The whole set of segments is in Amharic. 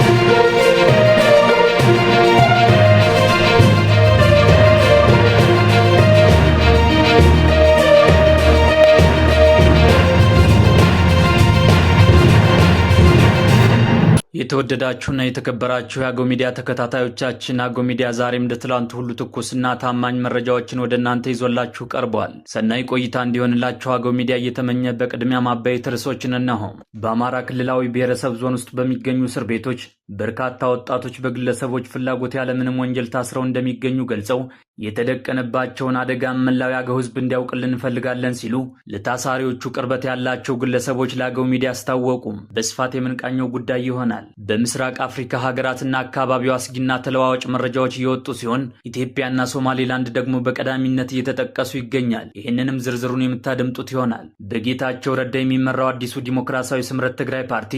Música የተወደዳችሁና የተከበራችሁ የአገው ሚዲያ ተከታታዮቻችን አገው ሚዲያ ዛሬም እንደ ትላንቱ ሁሉ ትኩስና ታማኝ መረጃዎችን ወደ እናንተ ይዞላችሁ ቀርቧል። ሰናይ ቆይታ እንዲሆንላችሁ አገው ሚዲያ እየተመኘ በቅድሚያ ማበይት ርዕሶችን እነሆ። በአማራ ክልላዊ ብሔረሰብ ዞን ውስጥ በሚገኙ እስር ቤቶች በርካታ ወጣቶች በግለሰቦች ፍላጎት ያለምንም ወንጀል ታስረው እንደሚገኙ ገልጸው የተደቀነባቸውን አደጋ መላው የአገው ሕዝብ እንዲያውቅልን እንፈልጋለን ሲሉ ለታሳሪዎቹ ቅርበት ያላቸው ግለሰቦች ለአገው ሚዲያ አስታወቁም። በስፋት የምንቃኘው ጉዳይ ይሆናል። በምስራቅ አፍሪካ ሀገራትና አካባቢው አስጊና ተለዋዋጭ መረጃዎች እየወጡ ሲሆን ኢትዮጵያና ሶማሌላንድ ደግሞ በቀዳሚነት እየተጠቀሱ ይገኛል። ይህንንም ዝርዝሩን የምታደምጡት ይሆናል። በጌታቸው ረዳ የሚመራው አዲሱ ዲሞክራሲያዊ ስምረት ትግራይ ፓርቲ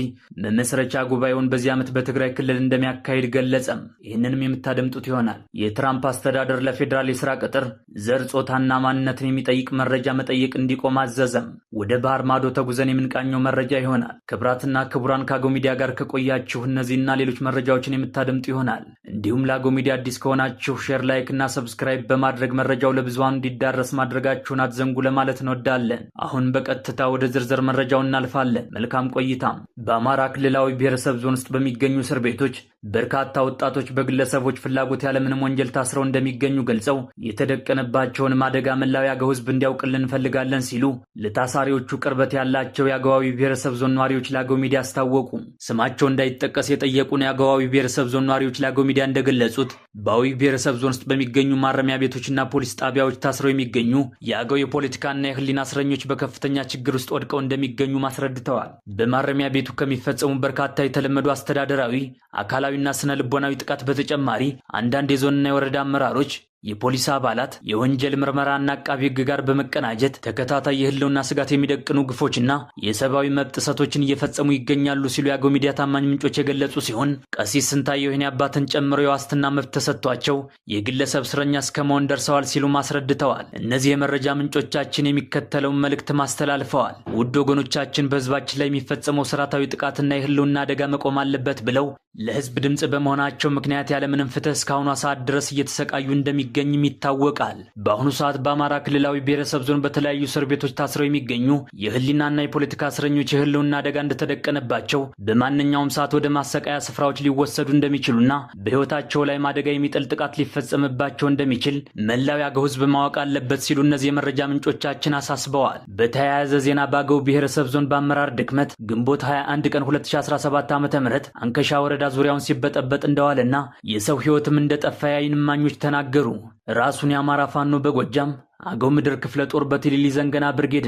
መመስረቻ ጉባኤውን በዚህ ዓመት በትግራይ በትግራይ ክልል እንደሚያካሂድ ገለጸም። ይህንንም የምታደምጡት ይሆናል። የትራምፕ አስተዳደር ለፌዴራል የስራ ቅጥር ዘር፣ ጾታና ማንነትን የሚጠይቅ መረጃ መጠየቅ እንዲቆም አዘዘም። ወደ ባህር ማዶ ተጉዘን የምንቃኘው መረጃ ይሆናል። ክብራትና ክቡራን ከአገው ሚዲያ ጋር ከቆያችሁ እነዚህና ሌሎች መረጃዎችን የምታደምጡ ይሆናል። እንዲሁም ለአገው ሚዲያ አዲስ ከሆናችሁ ሼር፣ ላይክ እና ሰብስክራይብ በማድረግ መረጃው ለብዙሃን እንዲዳረስ ማድረጋችሁን አትዘንጉ ለማለት እንወዳለን። አሁን በቀጥታ ወደ ዝርዝር መረጃው እናልፋለን። መልካም ቆይታም። በአማራ ክልላዊ ብሔረሰብ ዞን ውስጥ በሚገኙ እስር ቤቶች በርካታ ወጣቶች በግለሰቦች ፍላጎት ያለምንም ወንጀል ታስረው እንደሚገኙ ገልጸው የተደቀነ የደቀነባቸውንም አደጋ መላው ያገው ህዝብ እንዲያውቅልን እንፈልጋለን ሲሉ ለታሳሪዎቹ ቅርበት ያላቸው የአገዋዊ ብሔረሰብ ዞን ነዋሪዎች ለአገው ሚዲያ አስታወቁ። ስማቸው እንዳይጠቀስ የጠየቁን የአገዋዊ ብሔረሰብ ዞን ነዋሪዎች ለአገው ሚዲያ እንደገለጹት በአዊ ብሔረሰብ ዞን ውስጥ በሚገኙ ማረሚያ ቤቶችና ፖሊስ ጣቢያዎች ታስረው የሚገኙ የአገው የፖለቲካና የህሊና እስረኞች በከፍተኛ ችግር ውስጥ ወድቀው እንደሚገኙ ማስረድተዋል። በማረሚያ ቤቱ ከሚፈጸሙ በርካታ የተለመዱ አስተዳደራዊ፣ አካላዊና ስነ ልቦናዊ ጥቃት በተጨማሪ አንዳንድ የዞንና የወረዳ አመራሮች የፖሊስ አባላት የወንጀል ምርመራና አቃቢ ህግ ጋር በመቀናጀት ተከታታይ የህልውና ስጋት የሚደቅኑ ግፎችና የሰብአዊ መብት ጥሰቶችን እየፈጸሙ ይገኛሉ ሲሉ የአገው ሚዲያ ታማኝ ምንጮች የገለጹ ሲሆን ቀሲስ ስንታየሁ ወህኒ አባትን ጨምሮ የዋስትና መብት ተሰጥቷቸው የግለሰብ እስረኛ እስከ መሆን ደርሰዋል ሲሉ አስረድተዋል። እነዚህ የመረጃ ምንጮቻችን የሚከተለውን መልእክት ማስተላልፈዋል። ውድ ወገኖቻችን በህዝባችን ላይ የሚፈጸመው ስርዓታዊ ጥቃትና የህልውና አደጋ መቆም አለበት ብለው ለህዝብ ድምፅ በመሆናቸው ምክንያት ያለምንም ፍትህ እስካሁኑ ሰዓት ድረስ እየተሰቃዩ እንደሚገኝም ይታወቃል። በአሁኑ ሰዓት በአማራ ክልላዊ ብሔረሰብ ዞን በተለያዩ እስር ቤቶች ታስረው የሚገኙ የህሊናና የፖለቲካ እስረኞች የህልውና አደጋ እንደተደቀነባቸው፣ በማንኛውም ሰዓት ወደ ማሰቃያ ስፍራዎች ሊወሰዱ እንደሚችሉና በህይወታቸው ላይም አደጋ የሚጥል ጥቃት ሊፈጸምባቸው እንደሚችል መላው ያገው ህዝብ ማወቅ አለበት ሲሉ እነዚህ የመረጃ ምንጮቻችን አሳስበዋል። በተያያዘ ዜና በአገው ብሔረሰብ ዞን በአመራር ድክመት ግንቦት 21 ቀን 2017 ዓ ም አንከሻ ወረዳ ወረዳ ዙሪያውን ሲበጠበጥ እንደዋለና የሰው ሕይወትም እንደጠፋ የዓይን እማኞች ተናገሩ። ራሱን የአማራ ፋኖ በጎጃም አገው ምድር ክፍለ ጦር በትሊሊ ዘንገና ብርጌድ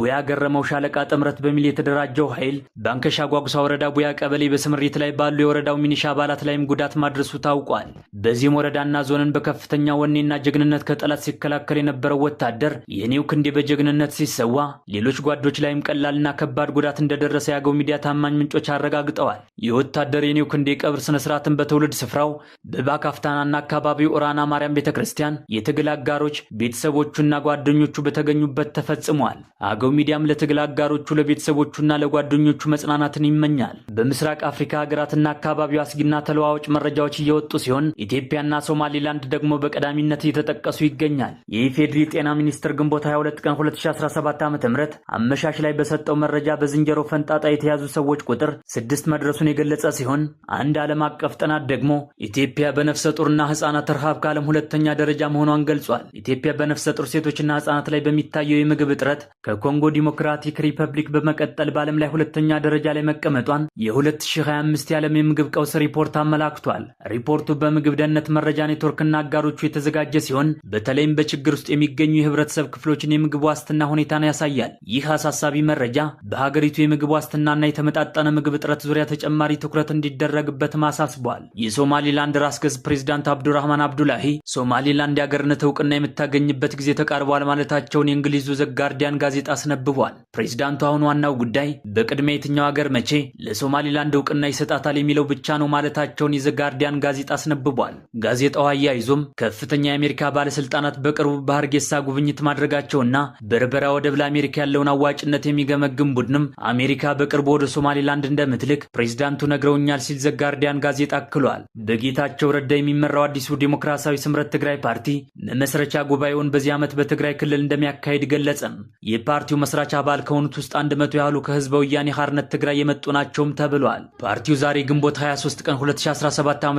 ቡያ ገረመው ሻለቃ ጥምረት በሚል የተደራጀው ኃይል በአንከሻ ጓጉሳ ወረዳ ቡያ ቀበሌ በስምሪት ላይ ባሉ የወረዳው ሚኒሻ አባላት ላይም ጉዳት ማድረሱ ታውቋል። በዚህም ወረዳና ዞንን በከፍተኛ ወኔና ጀግንነት ከጠላት ሲከላከል የነበረው ወታደር የኔው ክንዴ በጀግንነት ሲሰዋ፣ ሌሎች ጓዶች ላይም ቀላልና ከባድ ጉዳት እንደደረሰ የአገው ሚዲያ ታማኝ ምንጮች አረጋግጠዋል። የወታደር የኔው ክንዴ ቀብር ስነስርዓትን በትውልድ ስፍራው በባካፍታናና አካባቢው ኦራና ማርያም ቤተክርስቲያን የትግል አጋሮች ቤተሰቦች ቤተሰቦቹና ጓደኞቹ በተገኙበት ተፈጽሟል። አገው ሚዲያም ለትግል አጋሮቹ ለቤተሰቦቹና ለጓደኞቹ መጽናናትን ይመኛል። በምስራቅ አፍሪካ ሀገራትና አካባቢው አስጊና ተለዋዋጭ መረጃዎች እየወጡ ሲሆን ኢትዮጵያና ሶማሊላንድ ደግሞ በቀዳሚነት እየተጠቀሱ ይገኛል። የኢፌድሪ ጤና ሚኒስቴር ግንቦት 22 ቀን 2017 ዓ ም አመሻሽ ላይ በሰጠው መረጃ በዝንጀሮ ፈንጣጣ የተያዙ ሰዎች ቁጥር ስድስት መድረሱን የገለጸ ሲሆን አንድ ዓለም አቀፍ ጥናት ደግሞ ኢትዮጵያ በነፍሰ ጡርና ህጻናት ረሃብ ከዓለም ሁለተኛ ደረጃ መሆኗን ገልጿል። ኢትዮጵያ በነፍሰ በሚፈጠሩ ሴቶችና ህጻናት ላይ በሚታየው የምግብ እጥረት ከኮንጎ ዲሞክራቲክ ሪፐብሊክ በመቀጠል በዓለም ላይ ሁለተኛ ደረጃ ላይ መቀመጧን የ2025 የዓለም የምግብ ቀውስ ሪፖርት አመላክቷል። ሪፖርቱ በምግብ ደህንነት መረጃ ኔትወርክና አጋሮቹ የተዘጋጀ ሲሆን በተለይም በችግር ውስጥ የሚገኙ የህብረተሰብ ክፍሎችን የምግብ ዋስትና ሁኔታን ያሳያል። ይህ አሳሳቢ መረጃ በሀገሪቱ የምግብ ዋስትናና የተመጣጠነ ምግብ እጥረት ዙሪያ ተጨማሪ ትኩረት እንዲደረግበትም አሳስቧል። የሶማሊላንድ ራስ ገዝ ፕሬዚዳንት አብዱራህማን አብዱላሂ ሶማሊላንድ የአገርነት እውቅና የምታገኝበት ጊዜ ጊዜ ተቃርቧል ማለታቸውን የእንግሊዙ ዘ ጋርዲያን ጋዜጣ አስነብቧል። ፕሬዚዳንቱ አሁን ዋናው ጉዳይ በቅድሚያ የትኛው ሀገር መቼ ለሶማሊላንድ እውቅና ይሰጣታል የሚለው ብቻ ነው ማለታቸውን የዘ ጋርዲያን ጋዜጣ አስነብቧል። ጋዜጣው አያይዞም ከፍተኛ የአሜሪካ ባለስልጣናት በቅርቡ በሀርጌሳ ጉብኝት ማድረጋቸውና በርበራ ወደብ ለአሜሪካ ያለውን አዋጭነት የሚገመግም ቡድንም አሜሪካ በቅርቡ ወደ ሶማሊላንድ እንደምትልክ ፕሬዚዳንቱ ነግረውኛል ሲል ዘ ጋርዲያን ጋዜጣ አክሏል። በጌታቸው ረዳ የሚመራው አዲሱ ዴሞክራሲያዊ ስምረት ትግራይ ፓርቲ መመስረቻ ጉባኤውን በዚያ ዓመት በትግራይ ክልል እንደሚያካሄድ ገለጸም። የፓርቲው መስራች አባል ከሆኑት ውስጥ አንድ መቶ ያህሉ ከህዝበ ወያኔ ሐርነት ትግራይ የመጡ ናቸውም ተብሏል። ፓርቲው ዛሬ ግንቦት 23 ቀን 2017 ዓ ም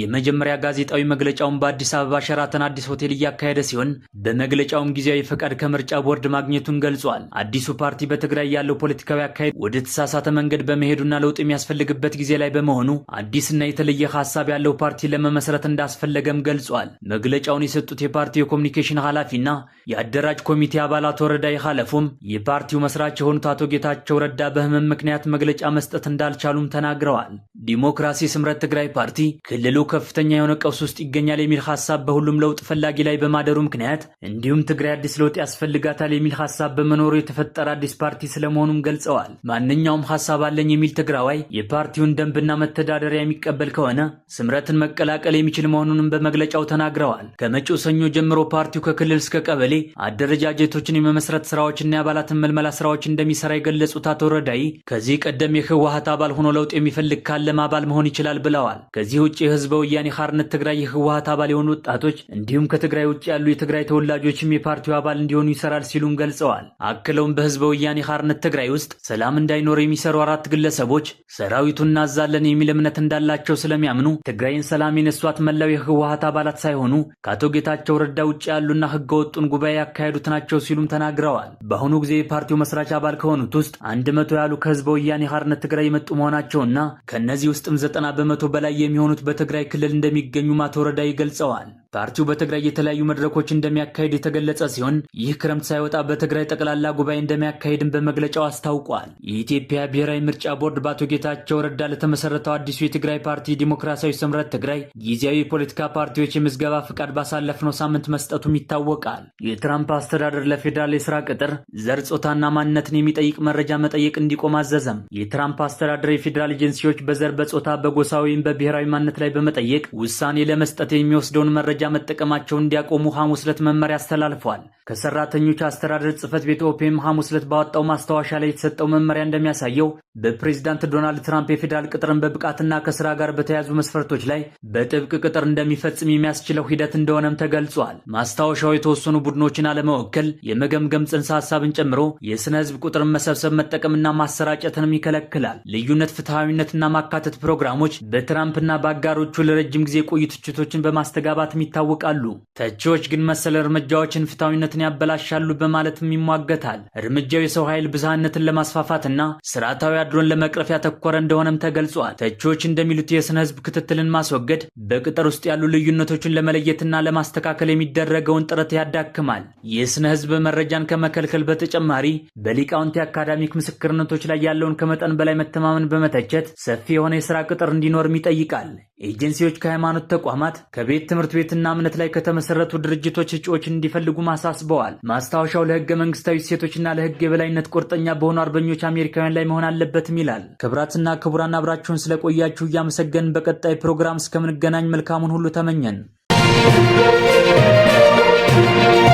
የመጀመሪያ ጋዜጣዊ መግለጫውን በአዲስ አበባ ሸራተን አዲስ ሆቴል እያካሄደ ሲሆን በመግለጫውም ጊዜያዊ ፈቃድ ከምርጫ ቦርድ ማግኘቱን ገልጿል። አዲሱ ፓርቲ በትግራይ ያለው ፖለቲካዊ አካሄድ ወደ ተሳሳተ መንገድ በመሄዱና ለውጥ የሚያስፈልግበት ጊዜ ላይ በመሆኑ አዲስና የተለየ ሀሳብ ያለው ፓርቲ ለመመስረት እንዳስፈለገም ገልጿል። መግለጫውን የሰጡት የፓርቲው የኮሚኒኬሽን ኃላፊ ኃላፊና የአደራጅ ኮሚቴ አባላት ወረዳ የኻለፉም የፓርቲው መስራች የሆኑት አቶ ጌታቸው ረዳ በህመም ምክንያት መግለጫ መስጠት እንዳልቻሉም ተናግረዋል። ዲሞክራሲ ስምረት ትግራይ ፓርቲ ክልሉ ከፍተኛ የሆነ ቀውስ ውስጥ ይገኛል የሚል ሀሳብ በሁሉም ለውጥ ፈላጊ ላይ በማደሩ ምክንያት እንዲሁም ትግራይ አዲስ ለውጥ ያስፈልጋታል የሚል ሀሳብ በመኖሩ የተፈጠረ አዲስ ፓርቲ ስለመሆኑም ገልጸዋል። ማንኛውም ሀሳብ አለኝ የሚል ትግራዋይ የፓርቲውን ደንብና መተዳደሪያ የሚቀበል ከሆነ ስምረትን መቀላቀል የሚችል መሆኑንም በመግለጫው ተናግረዋል። ከመጪው ሰኞ ጀምሮ ፓርቲው ከክል ክልል እስከ ቀበሌ አደረጃጀቶችን የመመስረት ስራዎችና የአባላትን መልመላ ስራዎች እንደሚሰራ የገለጹት አቶ ረዳይ ከዚህ ቀደም የህወሀት አባል ሆኖ ለውጥ የሚፈልግ ካለም አባል መሆን ይችላል ብለዋል። ከዚህ ውጭ የህዝበ ወያኔ ሐርነት ትግራይ የህወሀት አባል የሆኑ ወጣቶች እንዲሁም ከትግራይ ውጭ ያሉ የትግራይ ተወላጆችም የፓርቲው አባል እንዲሆኑ ይሰራል ሲሉም ገልጸዋል። አክለውም በህዝበ ወያኔ ሐርነት ትግራይ ውስጥ ሰላም እንዳይኖር የሚሰሩ አራት ግለሰቦች ሰራዊቱ እናዛለን የሚል እምነት እንዳላቸው ስለሚያምኑ ትግራይን ሰላም የነሷት መላው የህወሀት አባላት ሳይሆኑ ከአቶ ጌታቸው ረዳ ውጭ ያሉና ህገወጡን ጉባኤ ያካሄዱት ናቸው ሲሉም ተናግረዋል። በአሁኑ ጊዜ የፓርቲው መስራች አባል ከሆኑት ውስጥ አንድ መቶ ያሉ ከህዝበ ወያኔ ሀርነት ትግራይ የመጡ መሆናቸውና ከእነዚህ ውስጥም ዘጠና በመቶ በላይ የሚሆኑት በትግራይ ክልል እንደሚገኙ አቶ ረዳይ ገልጸዋል። ፓርቲው በትግራይ የተለያዩ መድረኮች እንደሚያካሄድ የተገለጸ ሲሆን ይህ ክረምት ሳይወጣ በትግራይ ጠቅላላ ጉባኤ እንደሚያካሄድም በመግለጫው አስታውቋል። የኢትዮጵያ ብሔራዊ ምርጫ ቦርድ በአቶ ጌታቸው ረዳ ለተመሰረተው አዲሱ የትግራይ ፓርቲ ዲሞክራሲያዊ ስምረት ትግራይ ጊዜያዊ የፖለቲካ ፓርቲዎች የምዝገባ ፍቃድ ባሳለፍነው ሳምንት መስጠቱም ይታወቃል። ይታወቃል። የትራምፕ አስተዳደር ለፌዴራል የስራ ቅጥር ዘር፣ ጾታና ማንነትን የሚጠይቅ መረጃ መጠየቅ እንዲቆም አዘዘም። የትራምፕ አስተዳደር የፌዴራል ኤጀንሲዎች በዘር፣ በጾታ፣ በጎሳ ወይም በብሔራዊ ማንነት ላይ በመጠየቅ ውሳኔ ለመስጠት የሚወስደውን መረጃ መጠቀማቸውን እንዲያቆሙ ሐሙስ ዕለት መመሪያ አስተላልፏል። ከሰራተኞች አስተዳደር ጽህፈት ቤት ኦፔም ሐሙስ ዕለት ባወጣው ማስታወሻ ላይ የተሰጠው መመሪያ እንደሚያሳየው በፕሬዚዳንት ዶናልድ ትራምፕ የፌዴራል ቅጥርን በብቃትና ከስራ ጋር በተያያዙ መስፈርቶች ላይ በጥብቅ ቅጥር እንደሚፈጽም የሚያስችለው ሂደት እንደሆነም ተገልጿል። ማስታወሻው የተወሰኑ ቡድኖችን አለመወከል የመገምገም ጽንሰ ሀሳብን ጨምሮ የስነ ህዝብ ቁጥርን መሰብሰብ መጠቀምና ማሰራጨትንም ይከለክላል። ልዩነት፣ ፍትሐዊነትና ማካተት ፕሮግራሞች በትራምፕና በአጋሮቹ ለረጅም ጊዜ የቆዩ ትችቶችን በማስተጋባትም ይታወቃሉ። ተቺዎች ግን መሰል እርምጃዎችን ፍትሐዊነትን ያበላሻሉ በማለትም ይሟገታል። እርምጃው የሰው ኃይል ብዝሃነትን ለማስፋፋትና ስርዓታዊ አድሎን ለመቅረፍ ያተኮረ እንደሆነም ተገልጿል። ተቺዎች እንደሚሉት የስነ ህዝብ ክትትልን ማስወገድ በቅጥር ውስጥ ያሉ ልዩነቶችን ለመለየትና ለማስተካከል የሚደረገውን ጥረት ትኩረት ያዳክማል። የስነ ህዝብ መረጃን ከመከልከል በተጨማሪ በሊቃውንቲ አካዳሚክ ምስክርነቶች ላይ ያለውን ከመጠን በላይ መተማመን በመተቸት ሰፊ የሆነ የስራ ቅጥር እንዲኖርም ይጠይቃል። ኤጀንሲዎች ከሃይማኖት ተቋማት፣ ከቤት ትምህርት ቤትና እምነት ላይ ከተመሰረቱ ድርጅቶች እጩዎች እንዲፈልጉ ማሳስበዋል። ማስታወሻው ለህገ መንግስታዊ ሴቶችና ለህግ የበላይነት ቁርጠኛ በሆኑ አርበኞች አሜሪካውያን ላይ መሆን አለበትም ይላል። ክብራትና ክቡራን አብራችሁን ስለቆያችሁ እያመሰገንን በቀጣይ ፕሮግራም እስከምንገናኝ መልካሙን ሁሉ ተመኘን። Thank you.